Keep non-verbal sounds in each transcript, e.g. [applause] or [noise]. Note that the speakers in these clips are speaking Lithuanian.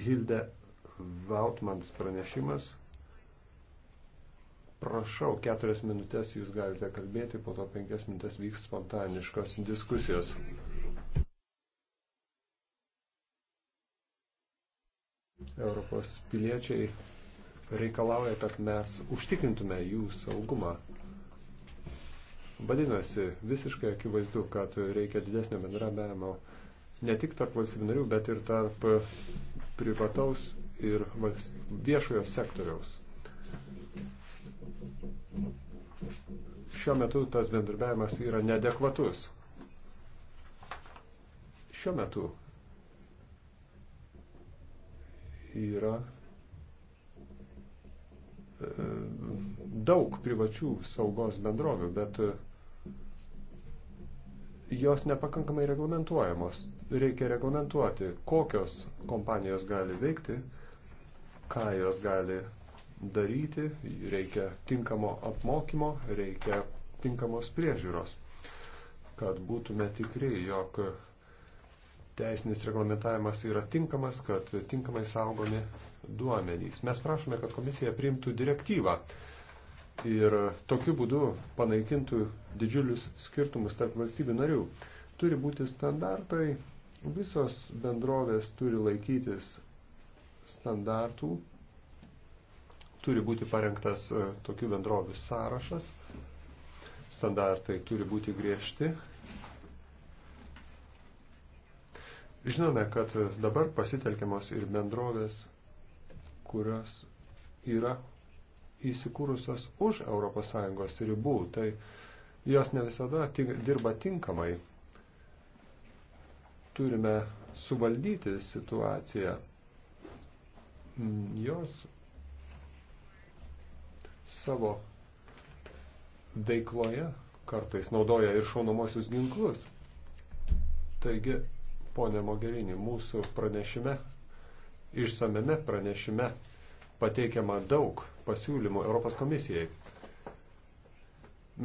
Hilde Vautmans pranešimas. Prašau, keturias minutės jūs galite kalbėti, po to penkias minutės vyks spontaniškos diskusijos. Europos piliečiai reikalauja, kad mes užtikrintume jų saugumą. Vadinasi, visiškai akivaizdu, kad reikia didesnio bendravimo ne tik tarp valstybių narių, bet ir tarp privataus ir viešojo sektoriaus. Šiuo metu tas bendradarbiavimas yra neadekvatus. Šiuo metu yra e, daug privačių saugos bendrovių, bet jos nepakankamai reglamentuojamos. Reikia reglamentuoti, kokios kompanijos gali veikti, ką jos gali daryti, reikia tinkamo apmokymo, reikia tinkamos priežiūros, kad būtume tikri, jog teisinis reglamentavimas yra tinkamas, kad tinkamai saugomi duomenys. Mes prašome, kad komisija priimtų direktyvą ir tokiu būdu panaikintų didžiulius skirtumus tarp valstybių narių. Turi būti standartai, visos bendrovės turi laikytis standartų, turi būti parengtas e, tokių bendrovių sąrašas, standartai turi būti griežti. Žinome, kad dabar pasitelkiamos ir bendrovės, kurios yra įsikūrusios už ES ribų, tai jos ne visada dirba tinkamai. Turime suvaldyti situaciją. Mm, jos savo veikloje kartais naudoja ir šaunamosius ginklus. Taigi, ponė Mogerinį, mūsų pranešime, išsameme pranešime pateikiama daug pasiūlymų Europos komisijai.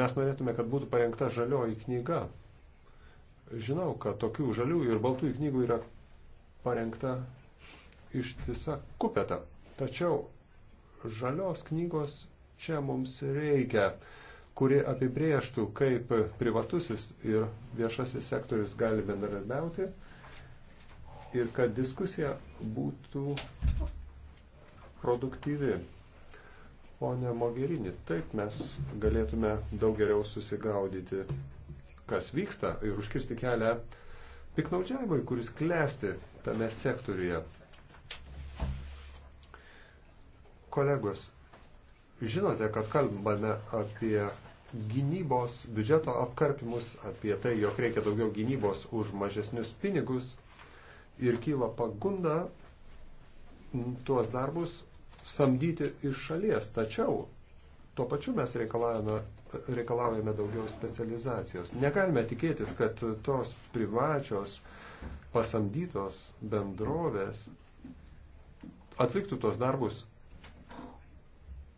Mes norėtume, kad būtų parengta žalioji knyga. Žinau, kad tokių žaliųjų ir baltųjų knygų yra parengta ištisa kupeta. Tačiau žalios knygos čia mums reikia, kuri apibrėžtų, kaip privatusis ir viešasis sektorius gali bendradarbiauti ir kad diskusija būtų produktyvi ponė Mogherini. Taip mes galėtume daug geriau susigaudyti, kas vyksta ir užkirsti kelią piknaudžiavimui, kuris klesti tame sektoriuje. Kolegos, žinote, kad kalbame apie gynybos biudžeto apkarpimus, apie tai, jog reikia daugiau gynybos už mažesnius pinigus ir kyla pagunda tuos darbus samdyti iš šalies. Tačiau tuo pačiu mes reikalavome, reikalaujame daugiau specializacijos. Negalime tikėtis, kad tos privačios pasamdytos bendrovės atliktų tos darbus,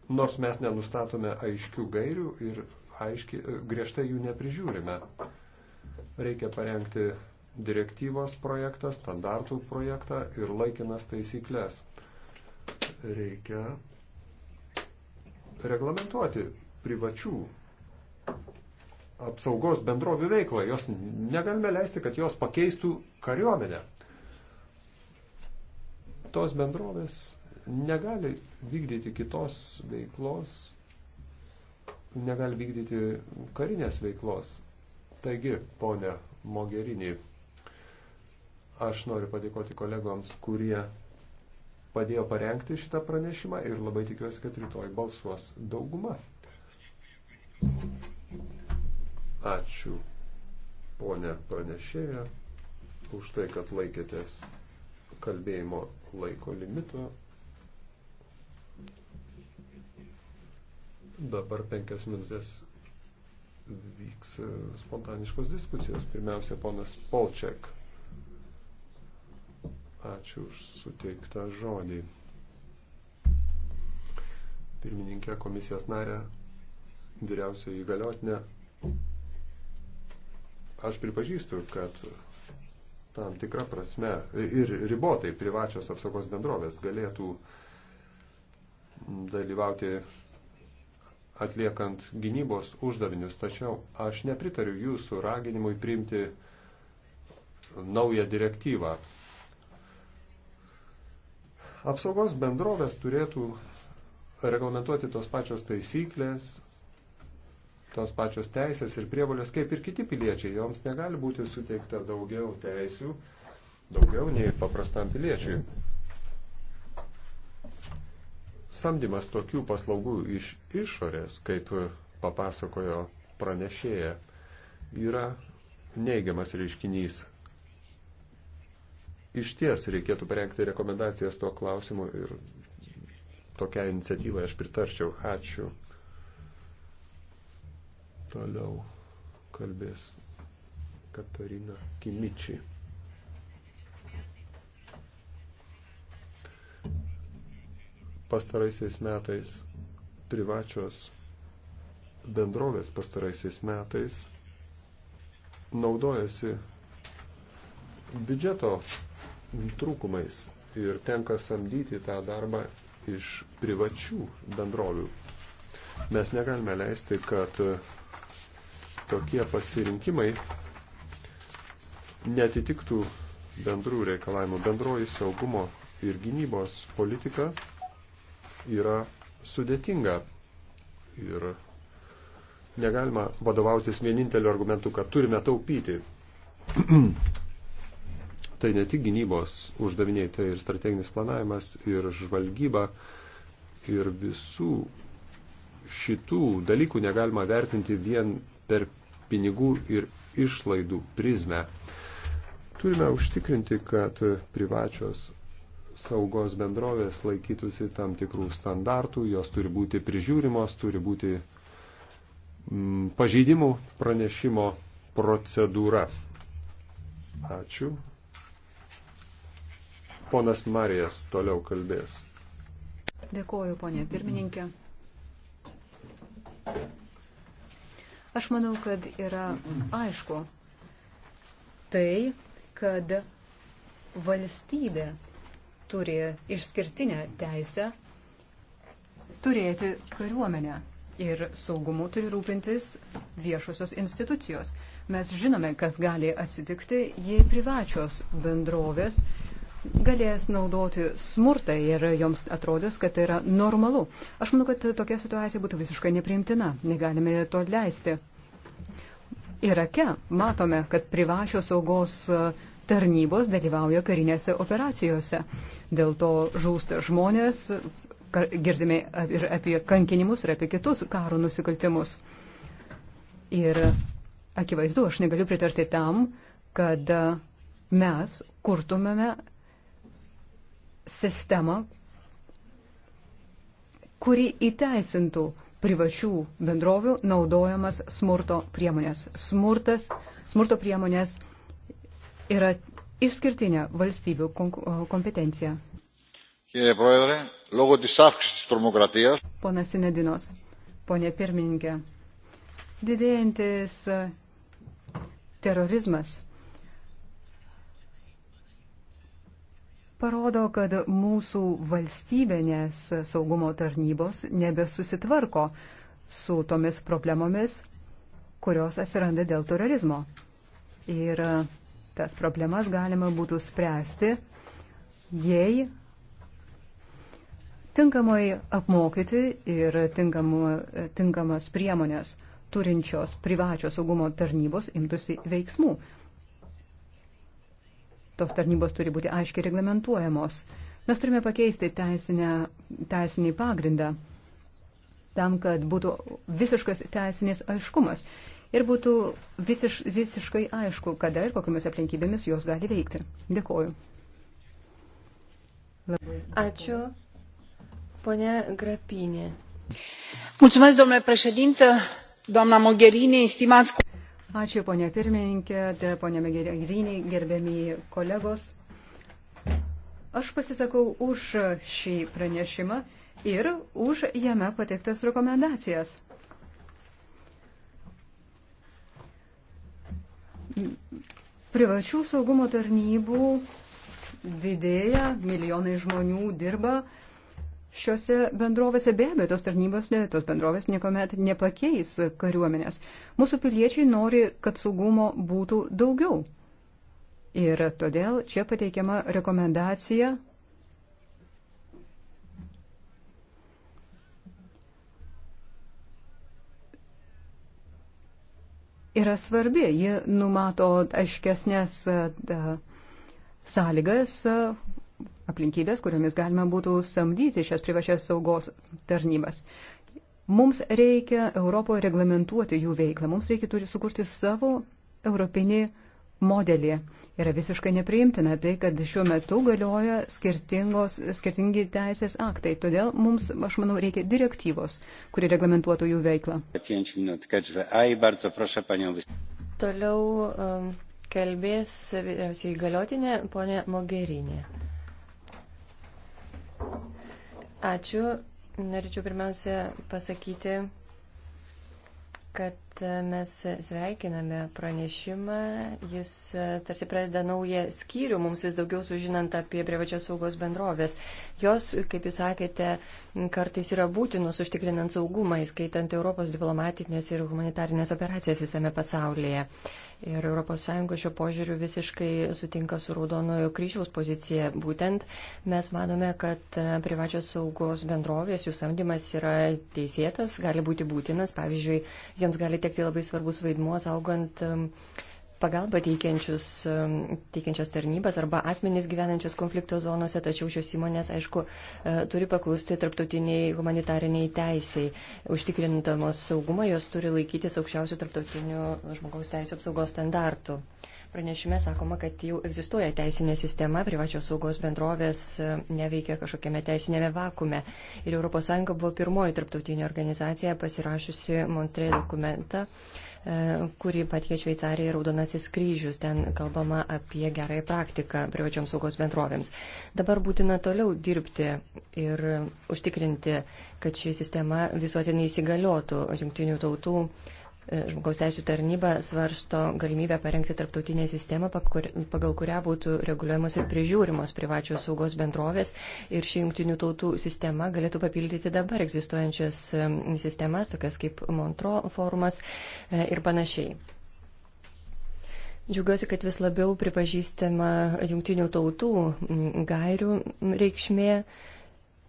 nors mes nenustatome aiškių gairių ir aiški, griežtai jų neprižiūrime. Reikia parengti direktyvos projektą, standartų projektą ir laikinas taisyklės reikia reglamentuoti privačių apsaugos bendrovių veiklą. Jos negalime leisti, kad jos pakeistų kariuomenę. Tos bendrovės negali vykdyti kitos veiklos, negali vykdyti karinės veiklos. Taigi, ponė Mogerinį, aš noriu padėkoti kolegoms, kurie padėjo parengti šitą pranešimą ir labai tikiuosi, kad rytoj balsuos dauguma. Ačiū, ponė pranešėja, už tai, kad laikėtės kalbėjimo laiko limito. Dabar penkias minutės vyks spontaniškos diskusijos. Pirmiausia, ponas Polčiak. Ačiū už suteiktą žodį. Pirmininkė komisijos narė, vyriausiai įgaliotinė. Aš pripažįstu, kad tam tikrą prasme ir ribotai privačios apsaugos bendrovės galėtų dalyvauti atliekant gynybos uždavinius, tačiau aš nepritariu jūsų raginimui priimti naują direktyvą. Apsaugos bendrovės turėtų reglamentuoti tos pačios taisyklės, tos pačios teisės ir prievolės, kaip ir kiti piliečiai. Joms negali būti suteikta daugiau teisių, daugiau nei paprastam piliečiui. Samdymas tokių paslaugų iš išorės, kaip papasakojo pranešėja, yra neigiamas reiškinys iš ties reikėtų parengti rekomendacijas tuo klausimu ir tokią iniciatyvą aš pritarčiau. Ačiū. Toliau kalbės Katarina Kimičiai. Pastaraisiais metais privačios bendrovės pastaraisiais metais naudojasi biudžeto trūkumais ir tenka samdyti tą darbą iš privačių bendrovių. Mes negalime leisti, kad tokie pasirinkimai netitiktų bendrų reikalavimų. Bendroji saugumo ir gynybos politika yra sudėtinga ir negalima vadovautis vieninteliu argumentu, kad turime taupyti. [clears throat] Tai ne tik gynybos uždaviniai, tai ir strateginis planavimas, ir žvalgyba, ir visų šitų dalykų negalima vertinti vien per pinigų ir išlaidų prizmę. Turime užtikrinti, kad privačios saugos bendrovės laikytųsi tam tikrų standartų, jos turi būti prižiūrimos, turi būti mm, pažeidimų pranešimo procedūra. Ačiū. Ponas Marijas toliau kalbės. Dėkoju, ponė pirmininkė. Aš manau, kad yra aišku tai, kad valstybė turi išskirtinę teisę turėti kariuomenę ir saugumu turi rūpintis viešosios institucijos. Mes žinome, kas gali atsitikti, jei privačios bendrovės galės naudoti smurtą ir joms atrodys, kad tai yra normalu. Aš manau, kad tokia situacija būtų visiškai nepriimtina. Negalime to leisti. Irake matome, kad privačios saugos e, tarnybos dalyvauja karinėse operacijose. Dėl to žūsta žmonės, girdime ir apie kankinimus, ir apie kitus karo nusikaltimus. Ir akivaizdu, aš negaliu pritarti tam, kad e, mes kurtumėme sistemą, kuri įteisintų privačių bendrovių naudojamas smurto priemonės. Smurtas, smurto priemonės yra išskirtinė valstybių kompetencija. Ponas Sinedinos, ponė pirmininkė, didėjantis terorizmas parodo, kad mūsų valstybinės saugumo tarnybos nebesusitvarko su tomis problemomis, kurios atsiranda dėl terorizmo. Ir tas problemas galima būtų spręsti, jei tinkamai apmokyti ir tinkamu, tinkamas priemonės turinčios privačios saugumo tarnybos imtųsi veiksmų tos tarnybos turi būti aiškiai reglamentuojamos. Mes turime pakeisti teisinę, teisinį pagrindą tam, kad būtų visiškas teisinės aiškumas ir būtų visiš, visiškai aišku, kada ir kokiamis aplinkybėmis jos gali veikti. Dėkoju. Labai. Ačiū. Pone Grapinė. Mulțumesc, domnule președinte, doamna Mogherini, stimați Ačiū, ponė pirmininkė, ponė Megirinį, gerbėmiai kolegos. Aš pasisakau už šį pranešimą ir už jame pateiktas rekomendacijas. Privačių saugumo tarnybų didėja, milijonai žmonių dirba šiuose bendrovėse be abejo tos tarnybos, ne, tos bendrovės niekuomet nepakeis kariuomenės. Mūsų piliečiai nori, kad saugumo būtų daugiau. Ir todėl čia pateikiama rekomendacija yra svarbi. Ji numato aiškesnės sąlygas aplinkybės, kuriomis galima būtų samdyti šias privačias saugos tarnybas. Mums reikia Europoje reglamentuoti jų veiklą, mums reikia turi sukurti savo europinį modelį. Yra visiškai nepriimtina tai, kad šiuo metu galioja skirtingi teisės aktai. Todėl mums, aš manau, reikia direktyvos, kuri reglamentuotų jų veiklą. Toliau um, kalbės vyriausiai įgaliotinė ponė Mogerinė. Ačiū. Norėčiau pirmiausia pasakyti, kad mes sveikiname pranešimą. Jis tarsi pradeda naują skyrių, mums vis daugiau sužinant apie privačios saugos bendrovės. Jos, kaip jūs sakėte, kartais yra būtinos užtikrinant saugumą, įskaitant Europos diplomatinės ir humanitarinės operacijas visame pasaulyje. Ir ES šio požiūriu visiškai sutinka su Raudonojo kryžiaus pozicija. Būtent mes manome, kad privačios saugos bendrovės, jų samdymas yra teisėtas, gali būti būtinas. Pavyzdžiui, jiems gali tekti labai svarbus vaidmuo, saugant um, pagalbą um, teikiančias tarnybas arba asmenys gyvenančias konflikto zonose, tačiau šios įmonės, aišku, e, turi paklusti tarptautiniai humanitariniai teisiai. Užtikrintamos saugumą jos turi laikytis aukščiausių tarptautinių žmogaus teisų apsaugos standartų. Pranešime sakoma, kad jau egzistuoja teisinė sistema, privačios saugos bendrovės e, neveikia kažkokiame teisinėme vakume. Ir ES buvo pirmoji tarptautinė organizacija pasirašiusi Montre dokumentą, e, kurį patikė Šveicarija ir Raudonasis kryžius. Ten kalbama apie gerąją praktiką privačioms saugos bendrovėms. Dabar būtina toliau dirbti ir užtikrinti, kad ši sistema visuotinai įsigaliotų jungtinių tautų E, žmogaus teisų tarnyba svarsto galimybę parengti tarptautinę sistemą, pagal kurią būtų reguliuojamos ir prižiūrimos privačios saugos bendrovės ir ši jungtinių tautų sistema galėtų papildyti dabar egzistuojančias e, sistemas, tokias kaip Montro forumas e, ir panašiai. Džiaugiuosi, kad vis labiau pripažįstama jungtinių tautų gairių reikšmė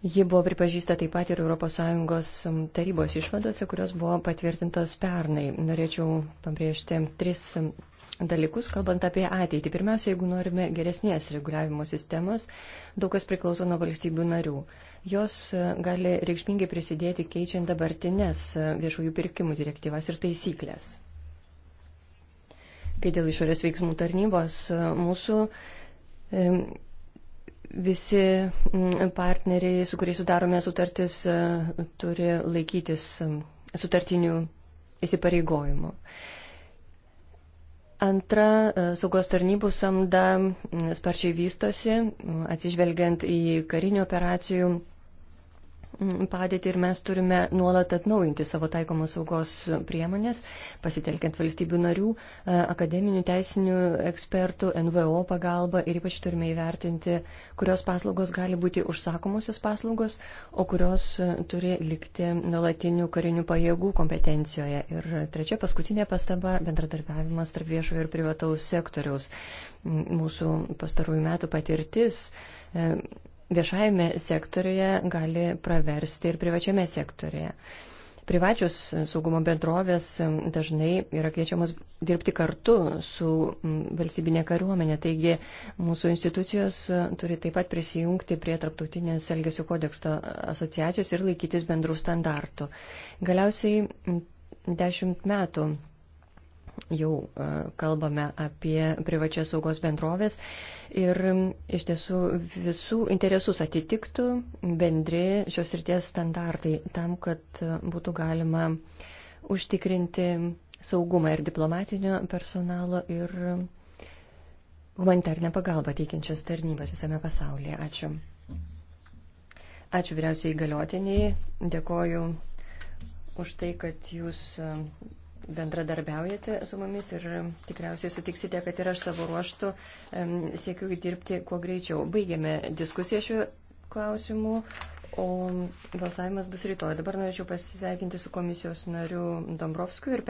Ji buvo pripažįsta taip pat ir ES tarybos išvadose, kurios buvo patvirtintos pernai. Norėčiau pabrėžti tris dalykus, kalbant apie ateitį. Pirmiausia, jeigu norime geresnės reguliavimo sistemos, daug kas priklauso nuo valstybių narių. Jos e, gali reikšmingai prisidėti keičiant dabartinės e, viešųjų pirkimų direktyvas ir taisyklės. Kai dėl išorės veiksmų tarnybos e, mūsų Visi mm, partneriai, su kuriais sudarome sutartis, e, turi laikytis e, sutartinių įsipareigojimų. Antra, e, saugos tarnybų samda mm, sparčiai vystosi, mm, atsižvelgiant į karinių operacijų padėtį ir mes turime nuolat atnaujinti savo taikomos saugos priemonės, pasitelkiant valstybių narių, e, akademinių, teisinių ekspertų, NVO pagalbą ir ypač turime įvertinti, kurios paslaugos gali būti užsakomosios paslaugos, o kurios e, turi likti nuolatinių karinių pajėgų kompetencijoje. Ir trečia paskutinė pastaba - bendradarbiavimas tarp viešojo ir privataus sektoriaus. Mūsų pastarųjų metų patirtis e, viešajame sektorioje gali praversti ir privačiame sektorioje. Privačios saugumo bendrovės dažnai yra kviečiamos dirbti kartu su valstybinė kariuomenė, taigi mūsų institucijos e, turi taip pat prisijungti prie Tarptautinės Elgesio kodeksto asociacijos ir laikytis bendrų standartų. Galiausiai dešimt metų jau e, kalbame apie privačias saugos bendrovės ir iš tiesų visų interesus atitiktų bendri šios ryties standartai tam, kad e, būtų galima užtikrinti saugumą ir diplomatinio personalo ir e, humanitarnę pagalbą teikiančias tarnybas visame pasaulyje. Ačiū. Ačiū vyriausiai įgaliotiniai. Dėkoju už tai, kad jūs bendradarbiaujate su mumis ir tikriausiai sutiksite, kad ir aš savo ruoštų siekiu dirbti kuo greičiau. Baigėme diskusiją šiuo klausimu, o balsavimas bus rytoj. Dabar norėčiau pasisveikinti su komisijos nariu Dombrovskiu ir